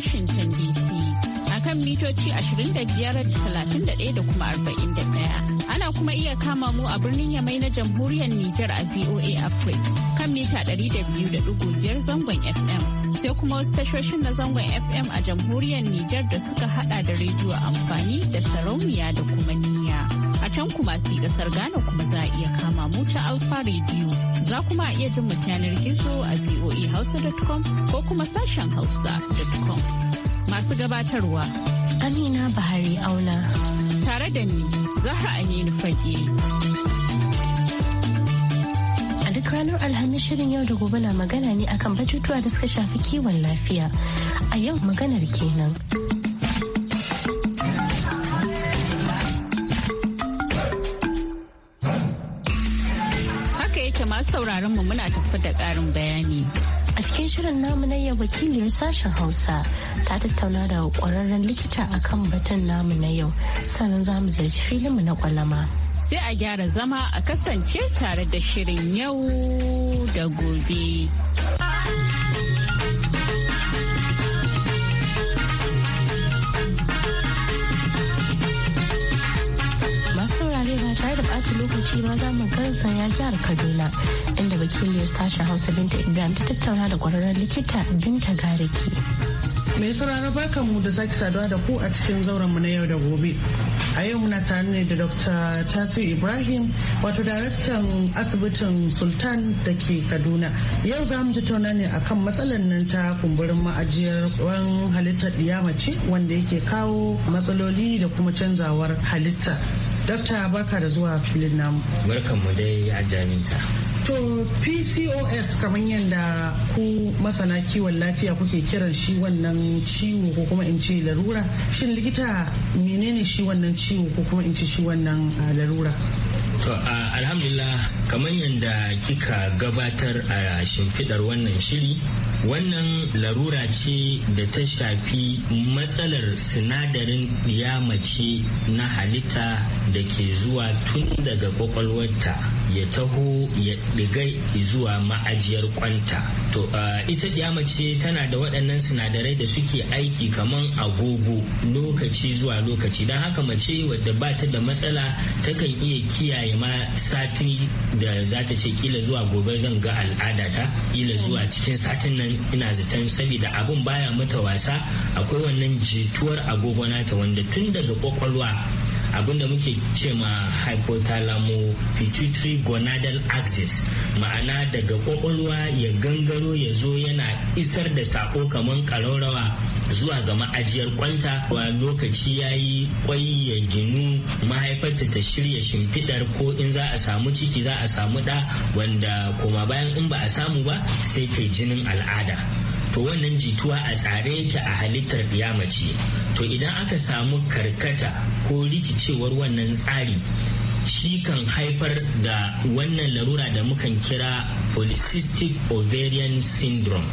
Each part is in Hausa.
Washington DC. Akan mitoci 25,31 da kuma 41. Ana kuma iya kama mu a birnin Yamai na Jamhuriyar Nijar a VOA Africa kan mita 200.5 zangon FM. Sai kuma wasu tashoshin na zangon FM a Jamhuriyar Nijar da suka hada da rediyo amfani da sarauniya da kuma ni. kuma su kasar Ghana kuma za a iya kama mu ta Alfa Radio. Za kuma a iya jin mu yanar gizo a voahausa.com ko kuma sashen hausa.com. Masu gabatarwa. Amina Bahari Auna. Tare da ni, Zahra Aminu Fage. ranar alhamis shirin yau da gobe na magana ne akan batutuwa da suka shafi kiwon lafiya a yau maganar kenan. masu sauraron mu muna tafi da ƙarin bayani. A cikin shirin namu na yau wakiliyar sashen Hausa ta tattauna da ƙwararren likita akan batun namu na yau sannan zamu mu ziyarci filinmu na kwalama. Sai a gyara zama a kasance tare da shirin yau da gobe. da bata lokaci ma za mu sanya jihar Kaduna inda ya sashen Hausa Binta Ibrahim ta tattauna da kwararren likita Binta Gariki. Mai saurara barkan mu da sake saduwa da ku a cikin zauren mu na yau da gobe. A yau muna tare ne da Dr. Tasir Ibrahim wato daraktan asibitin Sultan da ke Kaduna. Yau za mu tattauna ne akan matsalar nan ta kumburin ma'ajiyar ruwan halittar ɗiyamace wanda yake kawo matsaloli da kuma canzawar halitta. Dokta baka da zuwa filin namu. Barkan mu dai a jaminta. To PCOS kamar yadda ku masana kiwon lafiya kuke kiran shi wannan ciwo ko kuma in ce larura. Shin likita menene shi wannan ciwo ko kuma in ce shi wannan larura? To alhamdulillah kamar yadda kika gabatar a shimfidar wannan shiri wannan larura ce da ta shafi matsalar sinadarin yamace na halitta da ke zuwa tun daga kwakwalwarta ya taho ya diga zuwa ma'ajiyar kwanta to ita yamace tana da waɗannan sinadarai da suke aiki kamar agogo lokaci zuwa lokaci don haka mace wadda ba ta da matsala takan iya kiyaye ma satin da za ta ce kila zuwa gobe zan ga al'adata kila zuwa cikin satin nan ina zaton saboda abun baya mata wasa akwai wannan jituwar agogo nata wanda tun daga kwakwalwa abin da muke ce ma hypothalamo pituitary gonadal axis ma'ana daga kwakwalwa ya gangaro ya zo yana isar da sako kamar karaurawa zuwa ga ma'ajiyar kwanta wa lokaci ya yi kwai ya ginu mahaifarta ta shirya shimfidar ko in za a samu ciki za a samu da wanda kuma bayan in ba a samu ba sai ta jinin al'ada al'ada to wannan jituwa a tsare yake a halittar mace to idan aka samu karkata ko rikicewar wannan tsari shi kan haifar da wannan larura da mukan kira polycystic ovarian syndrome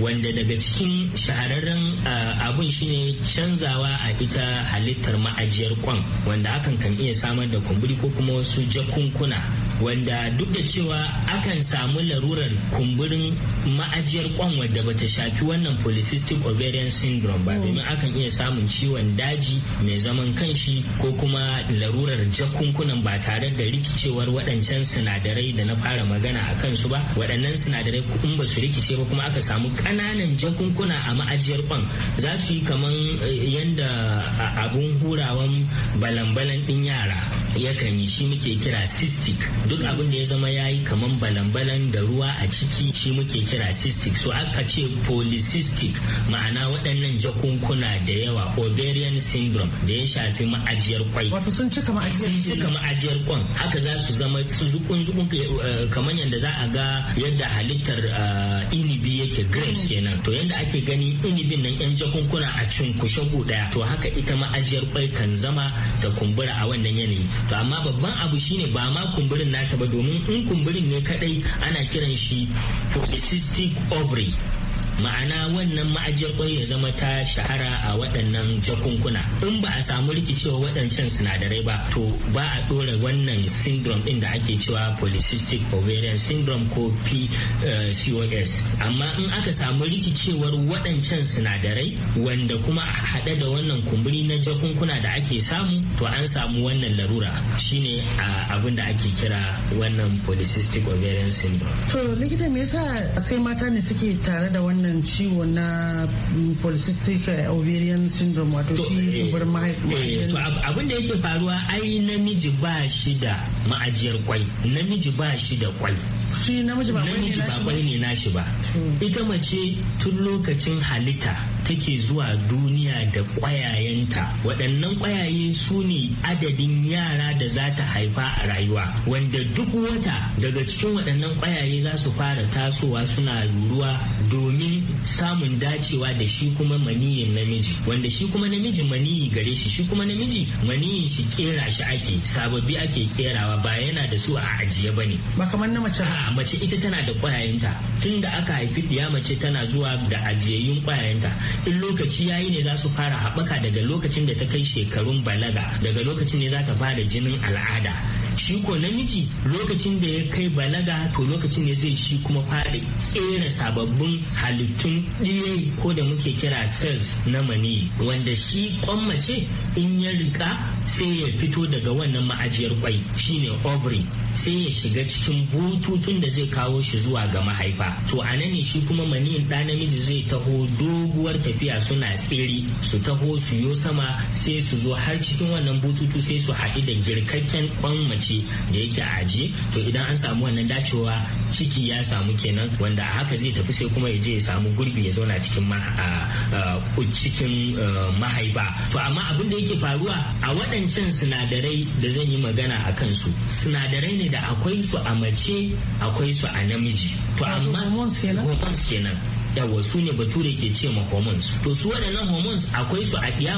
wanda daga cikin shahararren ah, abun shine canzawa a ita halittar ma'ajiyar kwan wanda akan kan iya samar da kumburi ko kuma wasu jakunkuna wanda duk da cewa akan samu larurar kumburin ma'ajiyar kwan wadda bata shafi wannan polycystic ovarian syndrome ba hmm. domin akan iya samun ciwon daji mai zaman kanshi ko kuma larurar jakunkunan ba tare da rikicewar waɗancan sinadarai da na fara magana a kansu ba waɗannan sinadarai in ba su rikice ba kuma aka samu ƙananan jakunkuna a ma'ajiyar kwan za su yi kaman eh, yadda abun hurawan balambalan ɗin yara yakan yi shi muke kira cystic duk abin da ya zama ya yi kaman balambalan da ruwa a ciki shi muke kira cystic so aka ce polycystic ma'ana waɗannan jakunkuna da yawa ovarian syndrome da ya shafi ma'ajiyar kwai wato sun cika ma'ajiyar kwan haka za su zama zukun zukun eh, kamar yadda za a ga yadda halittar uh, inibi yake grapes kenan to yadda ake gani inibin nan yan jakunkuna a kushe guda to haka ita ma'ajiyar kwai kan zama da kumbura a wannan yanayi to amma babban abu shine ba ma kumburin naka ba domin in kumburin ne kadai ana kiran shi polycystic ovary ma'ana wannan ma'ajiyar kwai ya zama ta shahara a waɗannan jakunkuna in ba a samu rikicewa waɗancan sinadarai ba to ba a ɗora wannan syndrome ɗin da ake cewa polycystic ovarian syndrome ko pcos amma in aka samu rikicewar waɗancan sinadarai wanda kuma a haɗe da wannan kumburi na jakunkuna da ake samu to an samu wannan larura shine abin da ake kira wannan polycystic ovarian syndrome to likita me yasa sai mata ne suke tare da wannan wannan ciwo na polycystic ovarian syndrome wato shi eh, zubar mahaifa eh, abin da yake faruwa ai namiji ba shi da ma'ajiyar kwai namiji ba shi da kwai namiji ba kwai ne nashi ba hmm. ita mace tun lokacin halitta take zuwa duniya da kwayayenta waɗannan kwayaye su ne adadin yara da za ta haifa a rayuwa wanda duk wata daga cikin waɗannan kwayaye za su fara tasowa suna ruruwa domin samun dacewa da shi kuma maniyin namiji wanda shi kuma namiji maniyi gare shi shi kuma namiji maniyin shi kera shi ake sababbi ake kerawa ba yana da su a ajiye ba ne ba kamar na mace mace ita tana da ƙwayayenta tun da aka haifi ya mace tana zuwa da ajiyayyun ƙwayayenta in lokaci yayi ne za su fara haɓaka daga lokacin da ta kai shekarun balaga daga lokacin ne za ta fara jinin al'ada shi ko namiji lokacin da ya kai balaga to lokacin ne zai shi kuma fara tsere sababbin halittun DNA ko da muke kira cells na mani wanda shi kwammace in ya rika sai ya fito daga wannan ma'ajiyar kwai shine ovary sai ya shiga cikin bututun da zai kawo shi zuwa ga mahaifa to a nan ne shi kuma maniyin ɗa namiji zai taho doguwar tafiya suna tsere su taho su yo sama sai su zo har cikin wannan bututu sai su haɗu da girkakken kwan mace da yake a ajiye to idan an samu wannan dacewa ciki ya samu kenan wanda a haka zai tafi sai kuma ya je ya samu gurbi ya zauna cikin cikin eh, mahaifa to amma abin da yake faruwa a waɗancan sinadarai da zan yi magana a kansu sinadarai ne da akwai su a mace akwai su a namiji to amma hormones kenan Da wasu ne bature ke ce ma hormones to su waɗannan hormones akwai su a ɗiya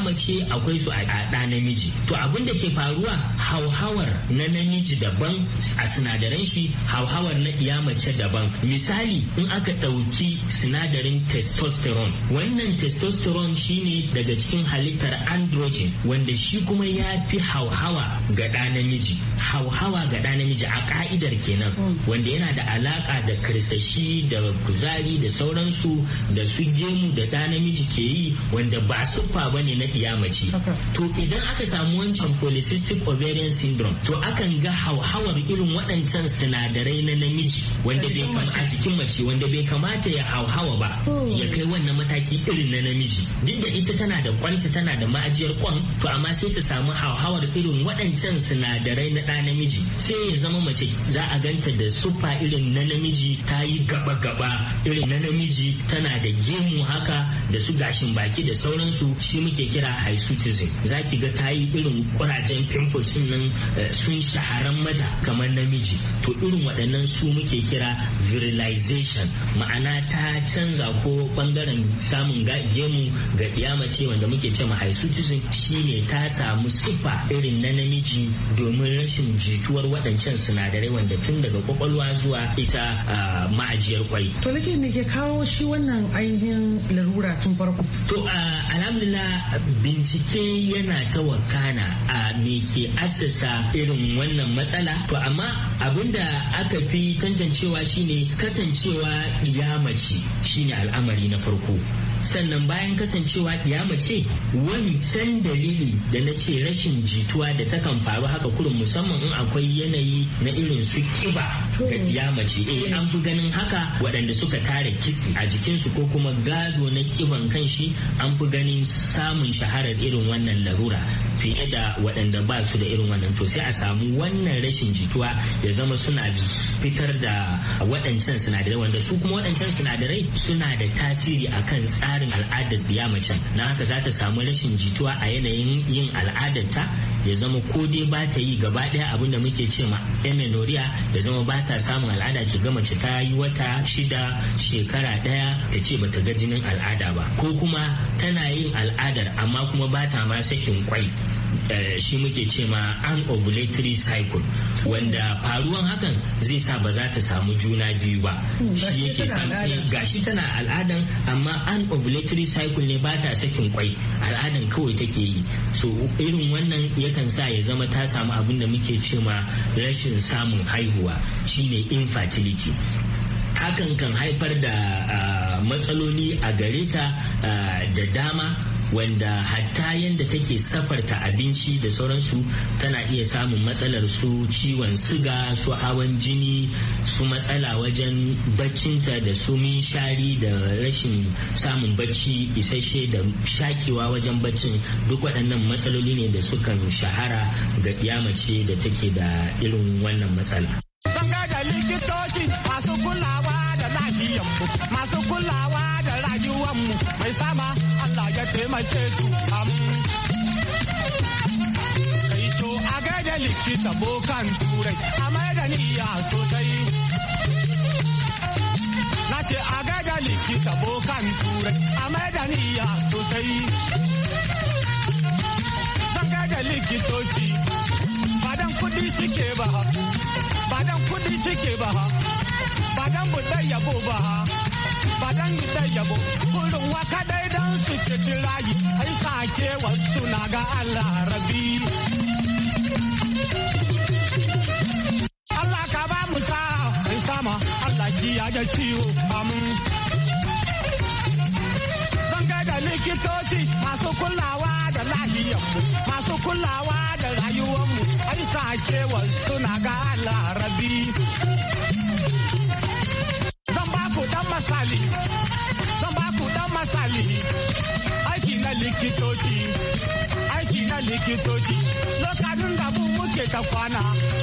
akwai su a ɗa namiji to abin da ke faruwa hauhawar na namiji daban a sinadaran shi hauhawar na ɗiya daban misali in aka ɗauki sinadarin testosterone wannan testosterone shine daga cikin halittar androgen wanda shi kuma ya fi hauhawa ga ɗa namiji hauhawa ga ɗa namiji a ka'idar kenan mm. wanda yana da alaka da karsashi da kuzari da sauransu da su gemu da ɗa namiji ke yi wanda ba siffa ba ne na mace to idan aka samu wancan polycystic ovarian syndrome to akan ga hauhawar irin waɗancan sinadarai na namiji wanda bai a cikin mace wanda bai kamata ya hauhawa ba mm. ya kai wannan mataki irin na namiji duk da ita tana da kwanta tana da ma'ajiyar kwan to amma sai ta samu hauhawar irin waɗancan sinadarai na ɗa namiji sai ya zama mace za a ganta da siffa irin na namiji ta yi gaba-gaba irin na namiji tana da gemu haka da su gashin baki da sauransu shi muke kira hirsutism za ki ga ta yi irin kurajen pimples nan eh, sun shaharan mata kamar namiji to irin waɗannan su muke kira virilization ma'ana ta canza ko bangaren samun gemu ga ɗiya mace wanda muke cewa ma hirsutism shine ta samu siffa irin na namiji domin rashin rashin jituwar waɗancan sinadarai wanda tun daga kwakwalwa zuwa ita ma'ajiyar kwai. To nake me ke kawo shi wannan ainihin larura tun farko? To alhamdulillah bincike yana ta wakana a me ke asasa irin wannan matsala. To amma da aka fi tantancewa shine kasancewa ya shine al'amari na farko. sannan bayan kasancewa kiyama ce wancan dalili da na ce rashin jituwa da ta kan faru haka kurin musamman in akwai yanayi na irin su kiba ga kiyama ce eh an fi ganin haka waɗanda suka tara kisi a jikinsu ko kuma gado na kiban kanshi an fi ganin samun shaharar irin wannan larura fiye da waɗanda ba su da irin wannan to sai a samu wannan rashin jituwa ya zama suna fitar da waɗancan sinadarai wanda su kuma waɗancan sinadarai suna da tasiri akan tsari tsarin al'adar biya macen na haka za ta samu rashin jituwa a yanayin yin al'adarta ya zama ko dai ba ta yi gaba ɗaya abin da muke ce ma amenorrhea ya zama ba ta samun al'ada ki ga mace ta yi wata shida shekara ɗaya ta ce ba ta ga jinin al'ada ba ko kuma tana yin al'adar amma kuma ba ta ma sakin kwai Eh, shi muke ce ma an ovulatory cycle wanda faruwan hakan zai sa ba za ta samu juna biyu ba hmm, shi yake eh, gashi tana al'adan amma an ovulatory cycle ne ba ta sakin kwai al'adan kawai take yi so irin wannan yakan sa ya zama ta samu abin da muke ce ma rashin samun haihuwa shine infertility hakan kan haifar da ah, matsaloli a gareta ta ah, da dama wanda hatta yadda take safarta abinci da sauransu tana iya samun matsalar su ciwon siga su hawan jini su matsala wajen baccinta da su shari da rashin samun bacci isasshe da shakewa wajen baccin duk waɗannan matsaloli ne da sukan shahara ga mace da take da irin wannan matsala. likitoci masu kulawa da masu kulawa da rayuwanmu mai sama ka taimake su kai to a gaida likita bokan turai a mai da niyya sosai na ce a gaida likita bokan turai a mai da niyya sosai zan gaida likitoci badan kudi suke ba badan kudi suke ba badan budai yabo ba ba dan da yabo kurin waka dai dan su ci rayi ai sake wasu na ga Allah rabi Allah ka ba mu sa mai sama Allah ki ya ga ciwo amin zan ga da likitoci masu kulawa da lahiyanmu masu kulawa da rayuwanmu ai sake wasu na ga Allah rabi dan misali zan dan misali aiki na likitoci aiki na likitoci lokacin da mu muke ta kwana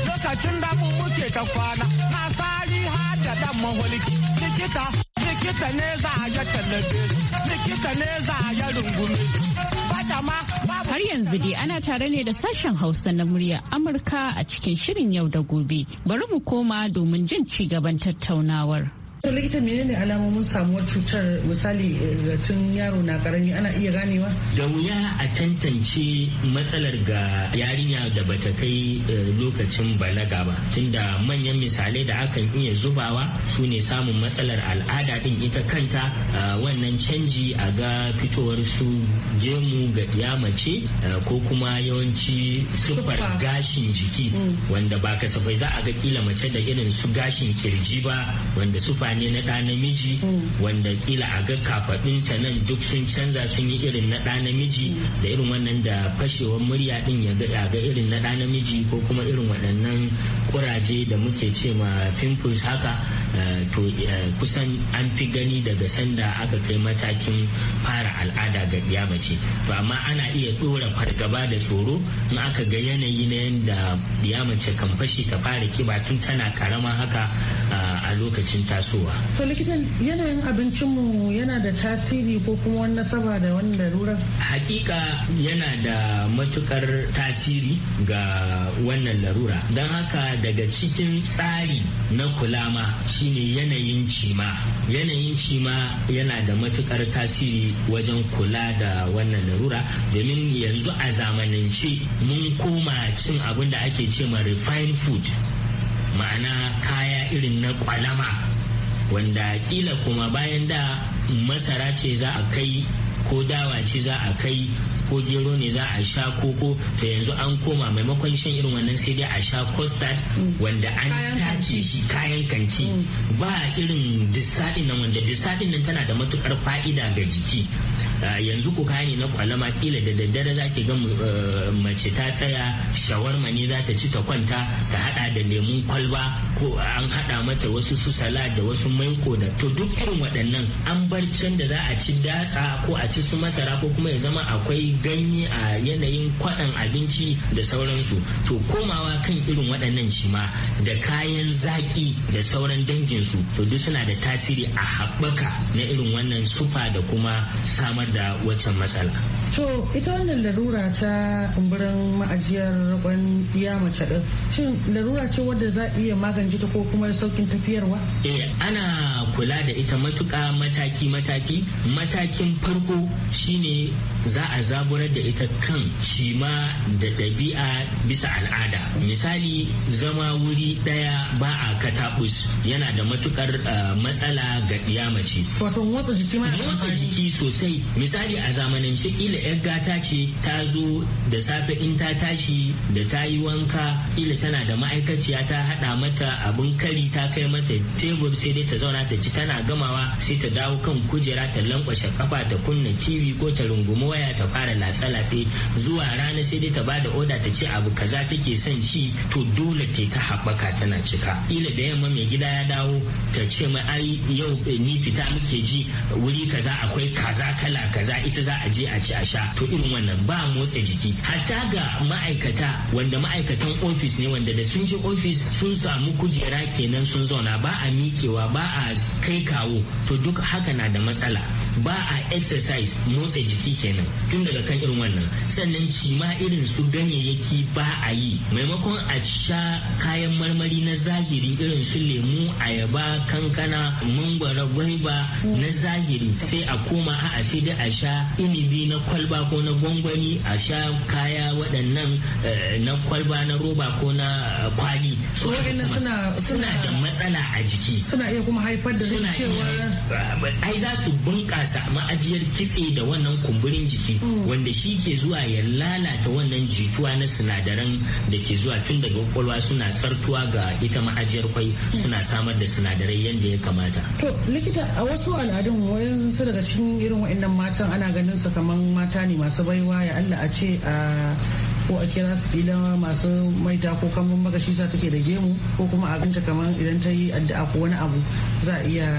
lokacin da mu muke ta kwana na sali hada da dan maholiki likita likita ne za a ya tallafe likita ne za a ya rungume Har yanzu dai ana tare ne da sashen Hausa na murya Amurka a cikin shirin yau da gobe. Bari mu koma domin jin ci gaban tattaunawar. To likita menene alamomin samuwar cutar misali eh, tun yaro na karami ana iya ganewa? Da wuya a tantance matsalar ga yarinya da bata kai eh, lokacin balaga ba tunda manyan misalai da akan iya zubawa su ne samun matsalar al'ada din ita kanta wannan canji a ga fitowar su gemu ga ya mace ko kuma yawanci siffar gashin jiki mm. wanda ba kasafai za a ga kila mace da irin su gashin kirji ba wanda sufa ne na ɗa namiji wanda kila a ga kafaɗinta nan duk sun canza sun yi irin na ɗa namiji da irin wannan da fashewar murya ɗin ya ga irin na ɗa namiji ko kuma irin waɗannan kuraje da muke ce ma pimples haka eh, to eh, kusan an fi gani daga sanda aka kai matakin fara al'ada ga ɗiyamace mace to amma ana iya ɗora fargaba da tsoro in aka ga yanayi na yadda mace kan fashi ta fara kiba tun tana karama haka eh, a lokacin tasowa to likitan yanayin abincinmu yana da tasiri ko kuma wani nasaba da wani hakika yana da matukar tasiri ga wannan larura don haka daga cikin tsari na kulama shine yanayin cima yanayin cima yana da matukar tasiri wajen kula da wannan larura domin yanzu a zamanance mun koma cin abin da ake ce ma refined food ma'ana kaya irin na kwalama wanda kila kuma bayan da masara ce za a kai ko dawa ce za a kai ko gero ne za a sha koko to yanzu an koma maimakon shan irin wannan sai dai a sha custard wanda an tace shi kayan kanti mm. ba irin disadin nan wanda disadin nan tana da matukar fa'ida ga jiki ah, yanzu ko kaya ne na kwalama kila da daddare za ki ga eh, mace ta tsaya shawarma ne za ta ci ta kwanta ta hada da lemun kwalba ko an haɗa mata wasu su salad da wasu maiko da to duk irin waɗannan an bar can da za a ci datsa ko a ci su masara ko kuma ya zama akwai ganye a yanayin kwaɗan abinci da sauransu to komawa kan irin waɗannan shi ma da kayan zaƙi da sauran danginsu to duk suna da tasiri a haɓaka na irin wannan sufa da kuma samar da waccan matsala. To ita wannan larura ta kumburin ma'ajiyar kwan iya mace ɗin shin larura ce wadda za iya magance magance ko kuma saukin tafiyarwa? Eh ana kula da ita matuƙa mataki-mataki matakin farko shine za a zaburar da ita kan shima da ɗabi'a bisa al'ada misali zama wuri ɗaya ba a katabus yana da matukar eh, matsala ga mace. wato motsa jiki ma motsa jiki sosai misali a zamanance kila yar gata ce ta zo da safe in ta tashi da ta yi wanka kila tana da ma'aikaciya ta haɗa mata abin kari ta kai mata tebur sai dai ta zauna ta ci tana gamawa sai ta dawo kan kujera ta lankwashe kafa ta kunna tv ko ta rungumi waya ta fara lasala sai zuwa rana sai dai ta bada oda ta ce abu kaza take son ci to dole ta ta haɓaka tana cika ila da yamma mai gida ya dawo ta ce mai ai yau eh, ni fita muke ji wuri kaza akwai kaza kala kaza ita za a je a ci a sha to irin wannan ba motsa jiki hatta ga ma'aikata wanda ma'aikatan ofis ne wanda da sun je ofis sun samu kujera kenan sun zauna ba a mikewa ba a kai kawo to duk haka na da matsala ba a exercise motsa jiki kenan tun daga kan irin wannan sannan ci ma irin su ganyayyaki ba a yi maimakon a sha kayan marmari na zahiri irin su lemu ayaba kankana mangwara gwaiba na zahiri sai a koma a sai dai a sha inibi na kwalba ko na gwangwani a sha kaya waɗannan eh, na kwalba na roba ko na eh, kwali. suna suna suna da matsala a jiki suna iya kuma haifar da cewar ai za su bunƙasa ma'ajiyar kitse da wannan kumburin jiki hmm. wanda shi ke zuwa ya lalata wannan jituwa na sinadaran da ke zuwa tun daga kwakwalwa suna sartuwa ga ita ma'ajiyar kwai hmm. suna samar da sinadarai yadda ya kamata to likita a wasu al'adun wayan su daga cikin irin wa'annan matan ana ganin su kamar mata ne masu baiwa ya Allah a ce a ko a kira su ila masu maita ko kamar magashi sa take da gemu ko kuma a ganta kamar idan ta yi addu'a ko wani abu za a iya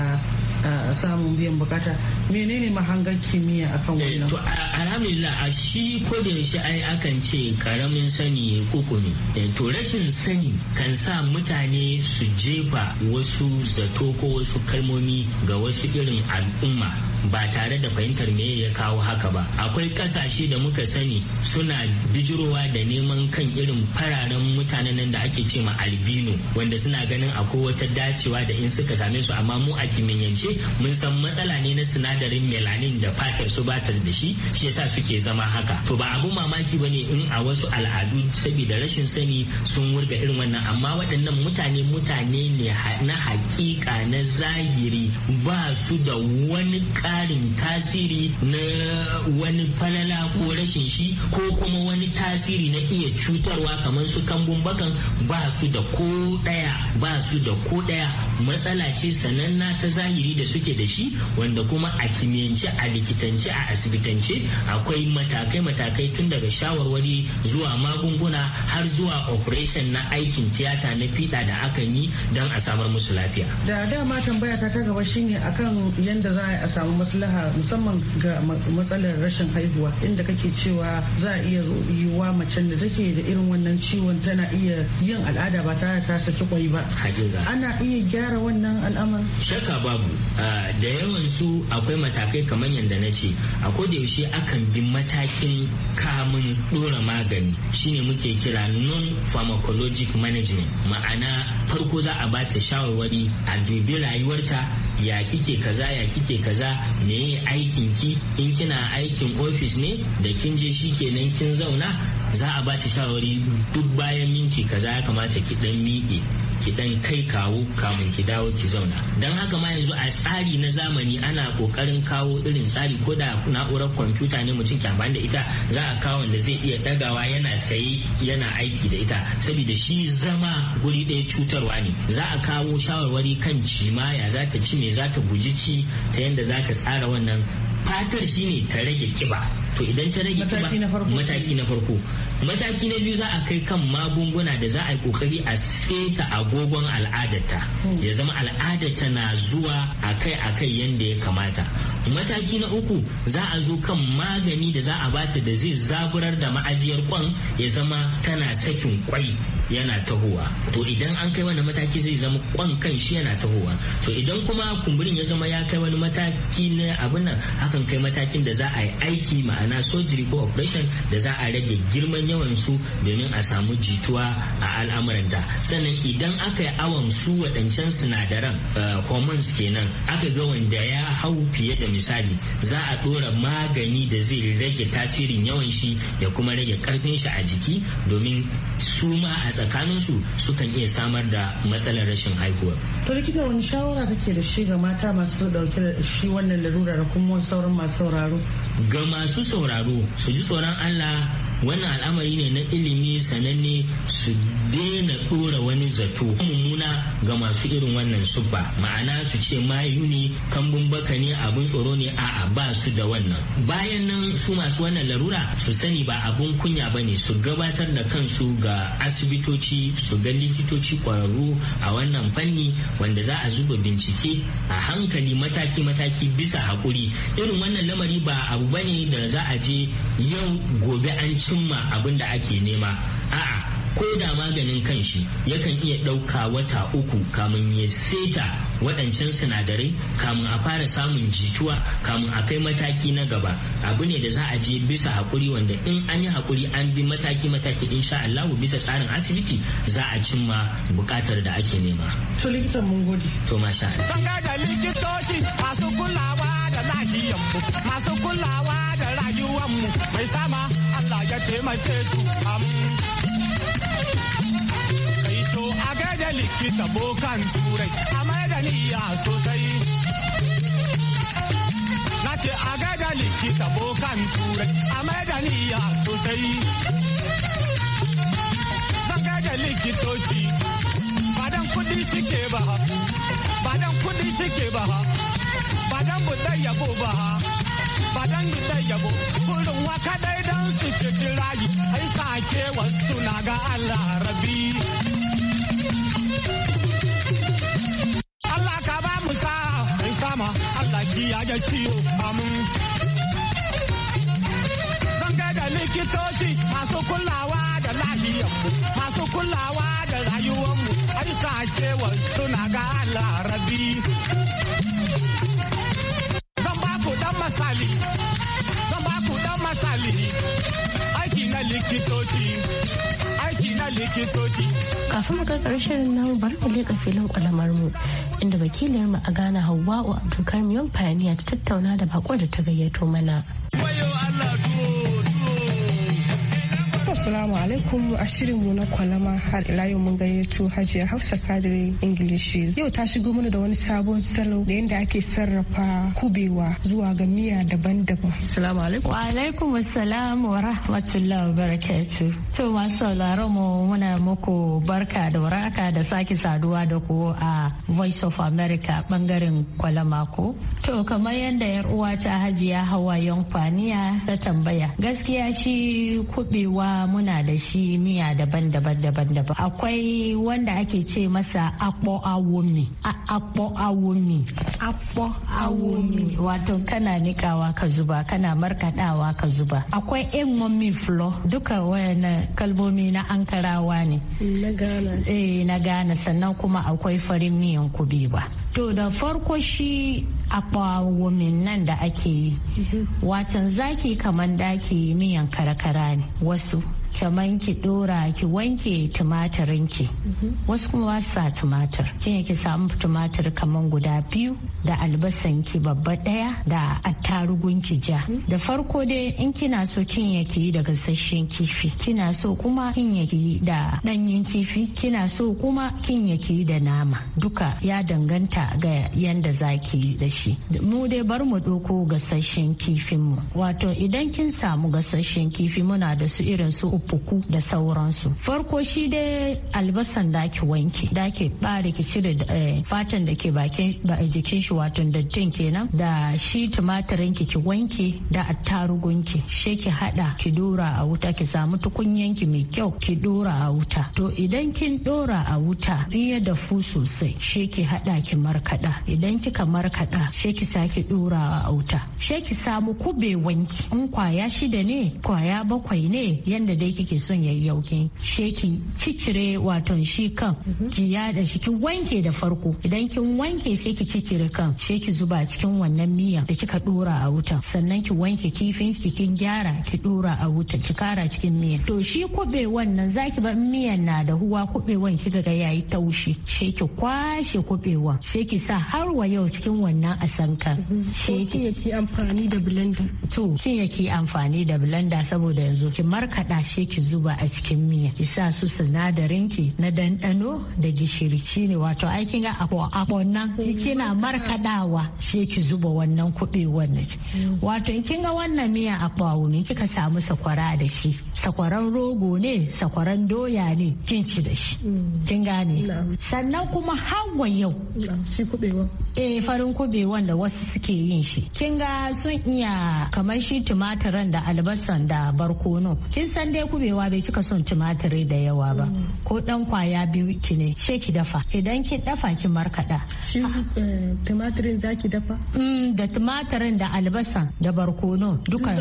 samun biyan bukata menene mahangar kimiyya akan wannan to alhamdulillah a shi ko da yaushe ai akan ce karamin sani kuku ne eh, to rashin sani kan sa mutane su jefa wasu zato ko wasu kalmomi ga wasu irin al'umma ba tare da fahimtar me ya kawo haka ba akwai kasashe da muka sani suna bijirowa da neman kan irin fararen mutanen nan da ake ce ma albino wanda suna ganin akwai wata dacewa da in suka same su amma mu a kimiyyance mun san matsala ne na sinadarin melanin da fatar su ba ta da shi shi yasa suke zama haka to ba abun mamaki bane in a wasu al'adu saboda rashin sani sun wurga irin wannan amma waɗannan mutane mutane ne na hakika na zahiri ba su da wani ka ƙarin tasiri na wani falala ko rashin shi ko kuma wani tasiri na iya cutarwa kamar su kambun bakan ba su da ko ɗaya ba su da ko ɗaya matsala ce sananna ta zahiri da suke da shi wanda kuma a kimiyyance a likitance a asibitance akwai matakai-matakai tun daga shawarwari zuwa magunguna har zuwa operation na aikin tiyata na fiɗa da akan yi don a samar musu lafiya. Da dama tambaya ta ta gaba shine akan yadda za a samu maslaha musamman ga matsalar rashin haihuwa inda kake cewa za a iya yiwuwa macen da take da irin wannan ciwon tana iya yin al'ada ba tare ta saki kwai ba ana iya gyara wannan al'amar shaka babu da yawan su akwai matakai kamar yadda na ce a da yaushe akan bi matakin kamun dora magani shine muke kira non pharmacologic management ma'ana farko za a bata shawarwari a dubi rayuwarta ya kike kaza ya kike kaza me aikin ki in kina aikin ofis ne da kin je shi kenan kin zauna za a ba ki shawari duk bayan minti kaza ya kamata ki dan miƙe ki dan kai kawo kamun ki dawo ki zauna dan haka ma yanzu a tsari na zamani ana kokarin kawo irin tsari ko da na'urar kwamfuta ne mutum ke amfani da ita za a kawo da zai iya dagawa yana saye yana aiki da ita saboda shi zama guri ɗaya cutarwa ne za a kawo shawarwari kan cimaya za ta ci me za ta guji ci ta yanda za ta tsara wannan fatar shine ta rage kiba to idan ta rage mataki na farko mataki na biyu za a kai kan magunguna da za a yi kokari a seta agogon al'adata hmm. ya zama al'adata na zuwa akai akai yadda ya kamata mataki na uku za a zo kan magani da za a bata da zai zaburar da ma'ajiyar kwan ya zama tana sakin kwai yana tahowa to idan an kai wani mataki zai zama kwan kan shi yana tahowa to idan kuma kumburin ya zama ya kai wani mataki na abin nan hakan kai matakin da za a yi aiki ma'ana surgery ko operation da za a rage girman yawan su domin a samu jituwa a al'amuranta sannan idan aka yi awon su waɗancan sinadaran eh, hormones kenan aka ga wanda ya hau fiye da misali za a ɗora magani da zai rage tasirin yawan shi ya kuma rage karfin shi a jiki domin su ma a tsakanin su sukan iya samar da matsalar rashin haihuwa. To likita wani shawara kake da shi ga mata masu dauke da shi wannan larura da kuma sauran masu sauraro? Ga masu sauraro su ji tsoron Allah wannan al'amari ne na ilimi sananne su daina dora wani zato mummuna ga masu irin wannan suffa ma'ana su ce mayu ne kambun baka ne abin tsoro ne a'a ba su da wannan bayan nan su masu wannan larura su sani ba abun kunya ba ne su gabatar da kansu ga asibiti likitoci su ga likitoci kwararru a wannan fanni wanda za a zuba bincike a hankali mataki-mataki bisa haƙuri irin wannan lamari ba abu bane da za a je yau gobe an cimma abin da ake nema a'a ko da maganin kanshi yakan iya ɗauka wata uku kamun ya seta waɗancan sinadarai kamun a fara samun jituwa kamun a kai mataki na gaba abu ne da za a je bisa haƙuri wanda in an yi haƙuri an bi mataki mataki insha Allah bisa tsarin asibiti za a cimma buƙatar da ake nema. To likitan mun To masha Allah. da likitoci masu kulawa da mu masu kulawa da rayuwanmu mai sama Allah ya taimake su. To a gaida likita bokan turai, a mai da niyya sosai. Na ce a gaida likita bokan turai, a mai da niyya sosai. Zan gaida likitoci, badan kudi suke ba ha, badan kudi suke ba ha, badan budai yabo ba ha. Badan budai yabo, kurin waka dai don su ce rayu, ai sake wasu na ga Allah rabi. shi ya ga ciwo amin. Zan da likitoci masu kulawa da lahiyanmu, masu kulawa da rayuwanmu, ai cewa suna ga larabi. Zan ba ku dan masali, zan ba ku dan masali, aiki na likitoci. da likitoci. Kafin mu karkar shirin namu bari mu leƙa filin kwalamar mu inda wakiliyar mu a Ghana Hawwa'u Abdulkarim Yan fayaniya ta tattauna da bako da ta gayyato mana. Assalamu alaikum a shirinmu na kwalama har ila yau mun gayyato Hajiya Hafsa Kadiri Ingilishi. Yau ta shigo mana da wani sabon salo da yadda ake sarrafa kubewa zuwa ga miya daban-daban. Assalamu alaikum. Wa alaikum assalam wa rahmatullahi wa barakatuh. To masu sauraron mu muna muku barka da waraka da sake saduwa da ku a Voice of America bangaren kwalama ko. To kamar yadda yar uwa ta Hajiya Hawa Yankwaniya ta tambaya. Gaskiya shi kubewa muna da shi miya daban-daban daban-daban akwai wanda ake ce masa akpo awomi akpo awomi akpo awomi wato kana nikawa ka zuba kana markadawa ka zuba akwai engomi flo duka wayana kalmomi na ankarawa ne na gana eh na gana sannan kuma akwai farin miyan kubewa to da farko shi awomi nan da ake yi mhm. watan zaki kamar daki miyan karakara ne wasu Kyamanki ki dora ki wanke tumatirinki. ki mhm. wasu kuma ba sa tumatir kin ki samu tumatir kaman guda biyu da albasan ki babba daya da attarugun ki ja mhm. da farko dai in kina so kin ki da gasasshen kifi kina so kuma kin ki da danyen kifi kina so kuma kin ki da nama duka ya danganta ga yanda zaki yi da shi mu dai bar mu doko gasasshen kifin mu wato idan kin samu gasasshen kifi muna da su irin su fuffuku da sauransu farko shi dai albasan da ake wanke da ake bare ki cire eh, fatan da ke bakin a jikin shi wato dattin kenan da shi tumatirin ki ki wanke da attarugun ki she ki hada ki dora a wuta ki samu tukunyan ki mai kyau ki dora a wuta to idan kin dora a wuta in ya dafu sosai she ki hada ki markada idan kika markada she ki sake dora a wuta she ki samu kube wanki in kwaya shida ne kwaya bakwai ne yanda dai kike son yayi yaukin sheki cicire wato shi kan mhm. ki yada shi ki wanke da farko idan kin wanke sai ki cicire kan sai ki zuba cikin wannan miya da kika dora a wuta sannan ki wanke kifin ki kin gyara ki dora a wuta ki kara cikin miya to shi kube wannan zaki bar miyan na da huwa kubewan kika ga yayi taushi sai ki kwashe kubewan sai ki sa har wa yau cikin wannan asanka mhm. sai ki amfani da blender to kin yake amfani da blender saboda yanzu ki markada shi sai ki zuba a cikin miya ki sa su sinadarin ki na dandano da gishiri ne wato ai kin ga akwai nan kina markadawa sai ki zuba wannan kubewan wannan wato kin ga wannan miya akwawu ne kika samu sakwara da shi sakwaran rogo ne sakwaran doya ne kin ci da shi kin gane sannan kuma hawa yau shi kubewa eh farin kubewan da wasu suke yin shi kin ga sun iya kamar shi tumatirin da albasan da barkono kin san dai kubewa bai cika son tumatiri da yawa ba mm. ko dan kwaya biyu ki ne she ki dafa idan eh, ki dafa ki markada shi tumatirin zaki dafa da tumatirin da albasa da barkono duka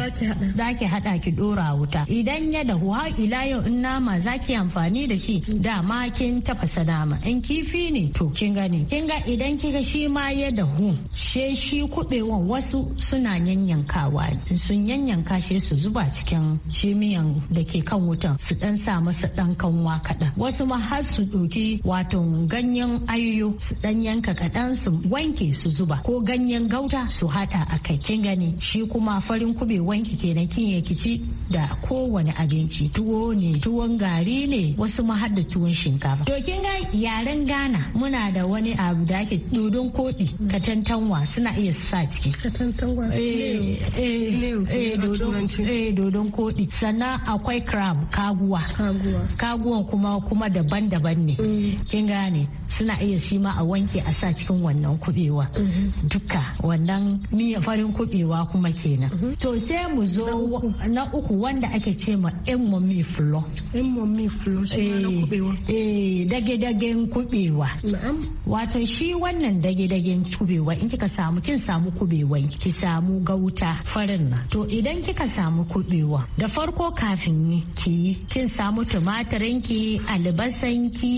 zaki hada ki dora wuta idan ya dahu har ila yau in nama zaki amfani da shi da ma kin tafasa nama in kifi ne to kin gani kin ga idan kika shi ma ya dahu she shi kubewan wasu suna yanyankawa sun yanyanka shi su zuba cikin shi miyan da ke kan wutan su dan sa masa dan kanwa kaɗan wasu ma har su doki wato ganyen ayoyo su dan yanka kaɗan su wanke su zuba ko ganyen gauta su haɗa a kai kin gani shi kuma farin kube wanki kenan kin ya kici da kowane abinci tuwo ne tuwon gari ne wasu ma har da tuwon shinkafa to kin ga yaren Ghana muna da wani abu da ake dodon koɗi katantanwa suna iya sa ciki katantanwa eh eh eh, eh dodon koɗi sannan akwai crab kaguwa kaguwan kuma kuma daban-daban ne mm. kin gane suna iya shi ma a wanke a sa cikin wannan kubewa mm-hmm. duka wannan miya farin kubewa kuma kenan mm-hmm. to sai mu zo na uku wanda ake ce ma emomi flo emomi flo shi na eh, kubewa eh dage-dagen kubewa wato shi wannan dage-dagen kubewa in kika samu kin samu kubewa ki samu gauta farin nan to idan kika samu kubewa da farko kafin ki kin samu tumatirin ki albasan ki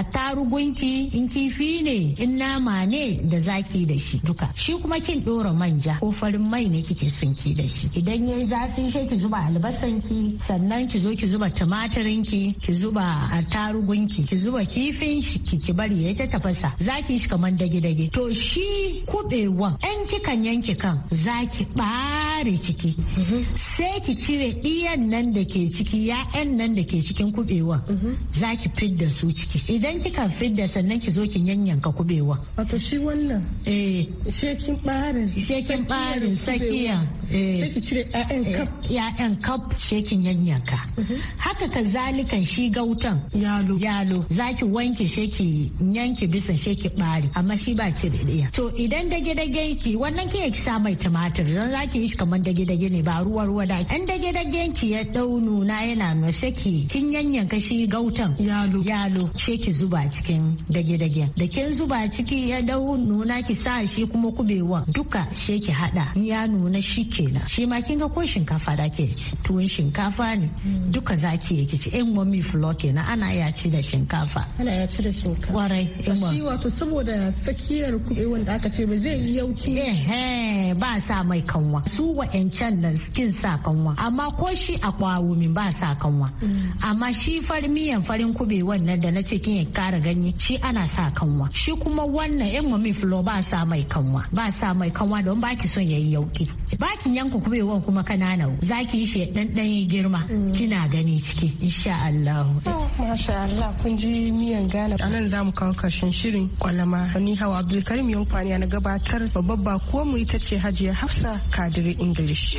attarugun ki in kifi ne in nama ne da zaki da shi duka shi kuma kin dora manja ko farin mai ne kike son ki da shi idan yayi zafi sai ki zuba albasan ki sannan ki zo ki zuba tumatirin ki ki zuba attarugun ki ki zuba kifin shi ki ki bari ya ta tafasa zaki shi kamar dage dage to shi kubewan ɗan kikan yanki kan zaki ba kare ciki sai ki cire iyan nan da ke ciki ya'yan nan da ke cikin kubewa za ki fidda su ciki idan kika fidda sannan ki zo ki yanyanka kubewa wato shi wannan eh shekin barin shekin barin sakiya eh. sai ki cire ya'yan eh, kaf ya'yan kaf shekin yanyanka haka kazalikan shi gautan yalo yalo za ki wanke sheki yanke bisa sheki bari amma shi ba cire iya. to idan dage dage ki wannan ki ki sa mai tumatir don za ki yi shi kamar kamar dage-dage ne ba ruwa-ruwa da an dage-dagen ki ya dau nuna yana nuna saki kin yanyanka shi gautan yalo yalo she ki zuba cikin dage-dagen da kin zuba ciki ya dau nuna ki sa shi kuma kubewa duka she ki hada ya nuna shi kenan shi ma kin ga ko shinkafa da ke tuwon shinkafa ne mm. duka zaki yake ci in wani flo kenan ana ya ci da shinkafa ana ya ci da shinkafa kwarai shi wato saboda tsakiyar kubewan da aka ce ba zai yi yauki eh ba sa mai kanwa su wa'yancan nan skin sa kanwa amma ko shi a kwawumi ba sa kanwa mm. amma shi farin miyan farin kubewan nan da na ce kin kara ganye shi ana sa kanwa shi kuma wannan yan mami flo ba sa mai kanwa ba sa mai kanwa don baki son yayi yauki bakin kube kubewan kuma kanana zaki yi shi dan dan girma mm. kina gani ciki insha Allah oh, masha Allah kun ji miyan gana anan zamu kawo karshen shirin kwalama ni hawa Abdulkarim Yankwani na gabatar babbar ko mu ita ce Hajiya Hafsa Kadiri English.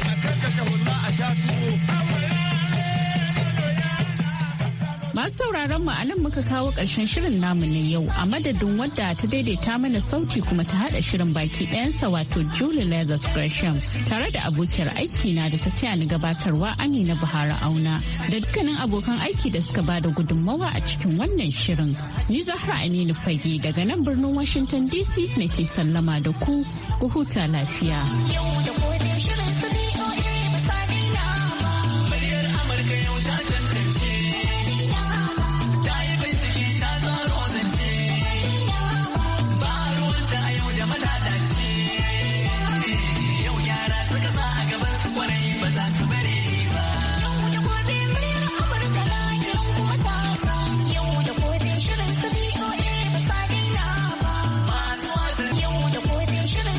Masu sauraron mu nan muka kawo ƙarshen shirin namu na yau a madadin wadda ta daidaita mana sauti kuma ta haɗa shirin baki ɗayansa wato juli legas Gresham tare da abokiyar aiki na da ta taya ni gabatarwa Amina Buhari Auna da dukkanin abokan aiki da suka bada gudunmawa a cikin wannan shirin. Ni Zahra Aminu Fage daga nan birnin Washington DC nake sallama da ku, ku huta lafiya.